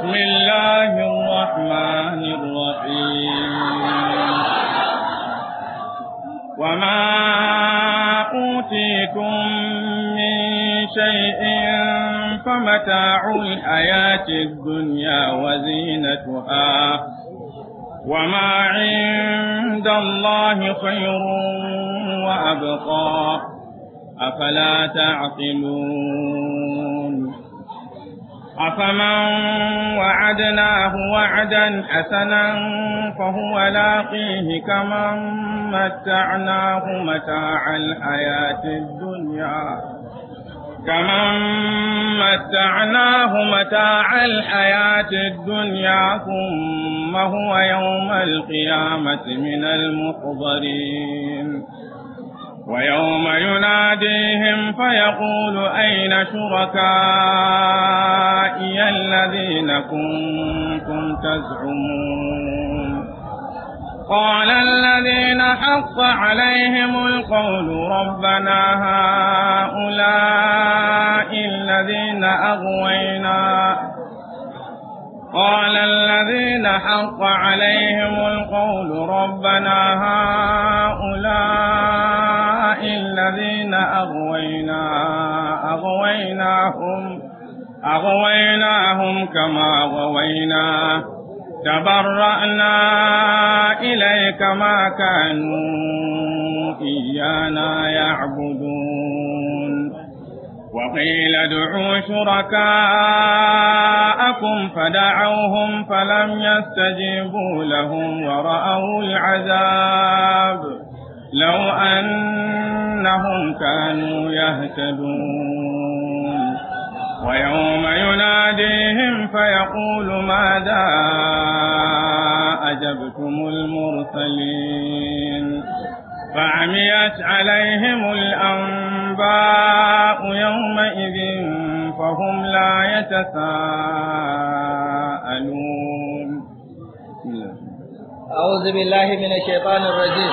بسم الله الرحمن الرحيم وما أوتيكم من شيء فمتاع الحياة الدنيا وزينتها وما عند الله خير وأبقى أفلا تعقلون أفمن وعدناه وعدا حسنا فهو لاقيه كمن متعناه متاع الحياة الدنيا كمن متعناه متاع الحياة الدنيا ثم هو يوم القيامة من المحضرين ويوم يناديهم فيقول أين شركائي الذين كنتم تزعمون قال الذين حق عليهم القول ربنا هؤلاء الذين أغوينا قال الذين حق عليهم القول ربنا هؤلاء الذين أغوينا أغويناهم أغويناهم كما غوينا تبرأنا إليك ما كانوا إيانا يعبدون وقيل ادعوا شركاءكم فدعوهم فلم يستجيبوا لهم ورأوا العذاب لو أنهم كانوا يهتدون ويوم يناديهم فيقول ماذا أجبتم المرسلين فعميت عليهم الأنباء يومئذ فهم لا يتساءلون أعوذ بالله من الشيطان الرجيم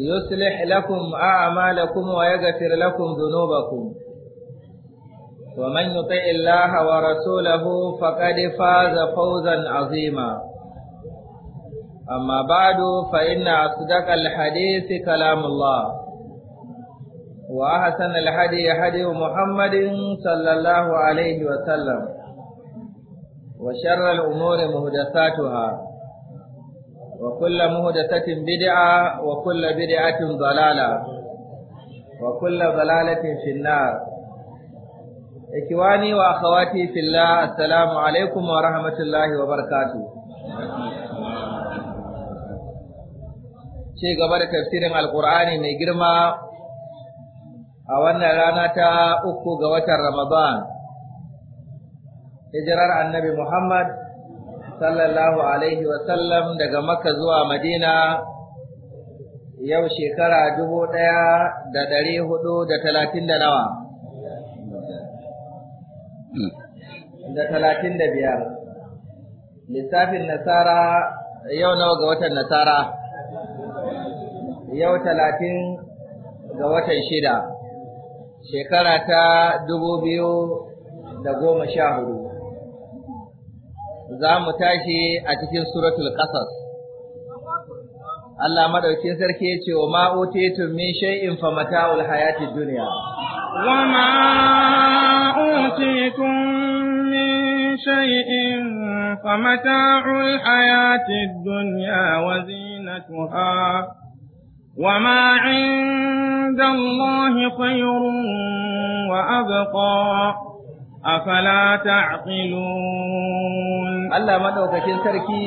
يصلح لكم أعمالكم ويغفر لكم ذنوبكم ومن يطع الله ورسوله فقد فاز فوزا عظيما أما بعد فإن أصدق الحديث كلام الله وأحسن الحدي حدي محمد صلى الله عليه وسلم وشر الأمور مهدساتها وكل مهدسة بدعة وكل بدعة ضلالة وكل ضلالة في النار إخواني وأخواتي في الله السلام عليكم ورحمة الله وبركاته ce gaba da tafsirin alkur'ani mai girma a wannan rana ta uku ga watan ramadan hijirar annabi muhammad sallallahu alaihi wasallam daga Makka zuwa Madina yau shekara dubu ɗaya da ɗari hudu da talatin da nawa. Da talatin da biyar. Lissafin Nasara yau nawa ga watan Nasara? Yau talatin ga watan shida. Shekara ta dubu biyu da goma sha hudu. za mu tashi a cikin suratul qasas Allah madaukin sarki ya ce wa ma utitum min shay'in fa mata'ul hayati dunya wa ma utitum min shay'in fa mata'ul hayati dunya wa zinatuha inda عند khayrun wa abqa afala ta'qilun Allah madaukakin sarki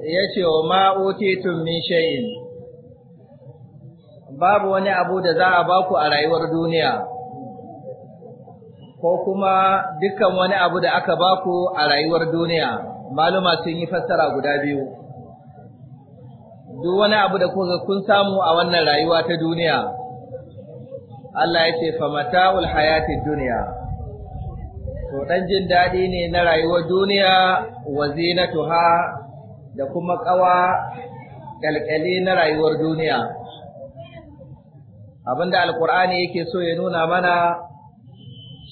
ya ce wa ma utitum min shay'in babu wani abu da za a baku a rayuwar duniya ko kuma dukkan wani abu da aka baku a rayuwar duniya maluma sun yi fassara guda biyu duk wani abu da kuka kun samu a wannan rayuwa ta duniya Allah ya ce famata'ul hayatid duniya to ɗan jin daɗi ne na rayuwar duniya wa zinatuha da kuma ƙawa ƙyalƙyali na rayuwar duniya abinda alkur'ani yake so ya nuna mana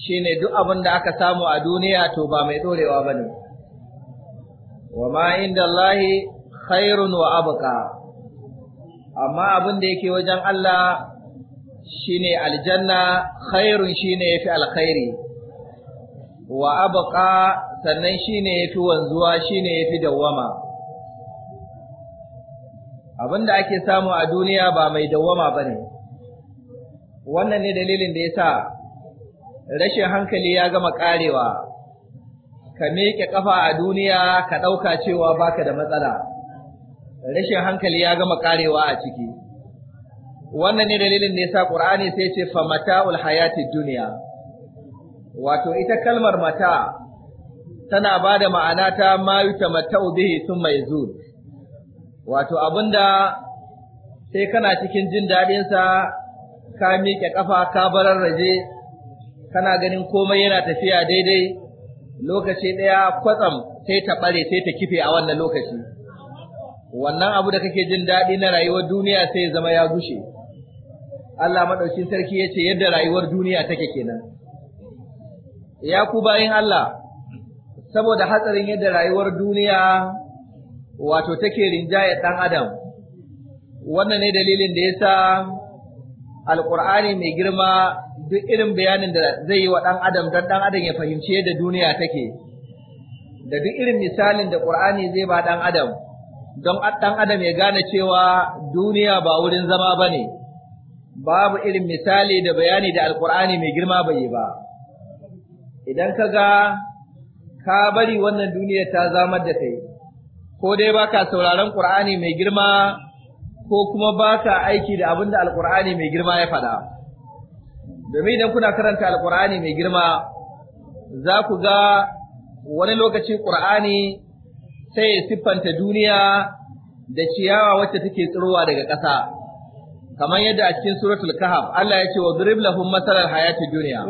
shine duk abin da aka samu a duniya to ba mai ɗorewa ba ne wa ma inda Allahi khairun wa abuka amma abin da yake wajen Allah shine aljanna khairun shine fi alkhairi wa abqa sannan shine yafi wanzuwa shine yafi dawwama abinda ake samu a duniya ba mai dawwama bane wannan ne dalilin da yasa rashin hankali ya gama karewa ka miƙe kafa a duniya ka ɗauka cewa baka da matsala rashin hankali ya gama karewa a ciki wannan ne dalilin da yasa qur'ani sai ce famata'ul hayatid dunya wato ita kalmar mata tana ba da ma'ana ta mayuta ta mata'u bihi sun mai zuwa wato abinda sai kana cikin jin daɗinsa ka miƙe ƙafa ka bararraje kana ganin komai yana tafiya daidai lokaci ɗaya kwatsam sai ta ɓare sai ta kife a wannan lokaci wannan abu da kake jin daɗi na rayuwar duniya sai zama ya gushe Allah maɗaukin sarki ya ce yadda rayuwar duniya take kenan ya ku bayin Allah, saboda hatsarin yadda rayuwar duniya wato take rinjaye ɗan adam, wannan ne dalilin da yasa sa Alƙur'ani mai girma duk irin bayanin da zai yi wa ɗan adam don ɗan adam ya fahimci yadda duniya take, da duk irin misalin da ƙur'ani zai ba ɗan adam, don ɗan adam ya gane cewa duniya ba wurin zama ba babu irin misali da bayani da Alƙur'ani mai girma bai yi ba. idan ka ga ka bari wannan duniya ta zamar da kai ko dai ba ka sauraron ƙur'ani mai girma ko kuma ba ka aiki da abin da Alƙur'ani mai girma ya faɗa domin idan kuna karanta Alƙur'ani mai girma za ku ga wani lokaci Qur'ani sai ya siffanta duniya da ciyawa wacce take tsirowa daga ƙasa kamar yadda a cikin suratul kahf Allah ya ce wa drib lahum masalan hayati dunya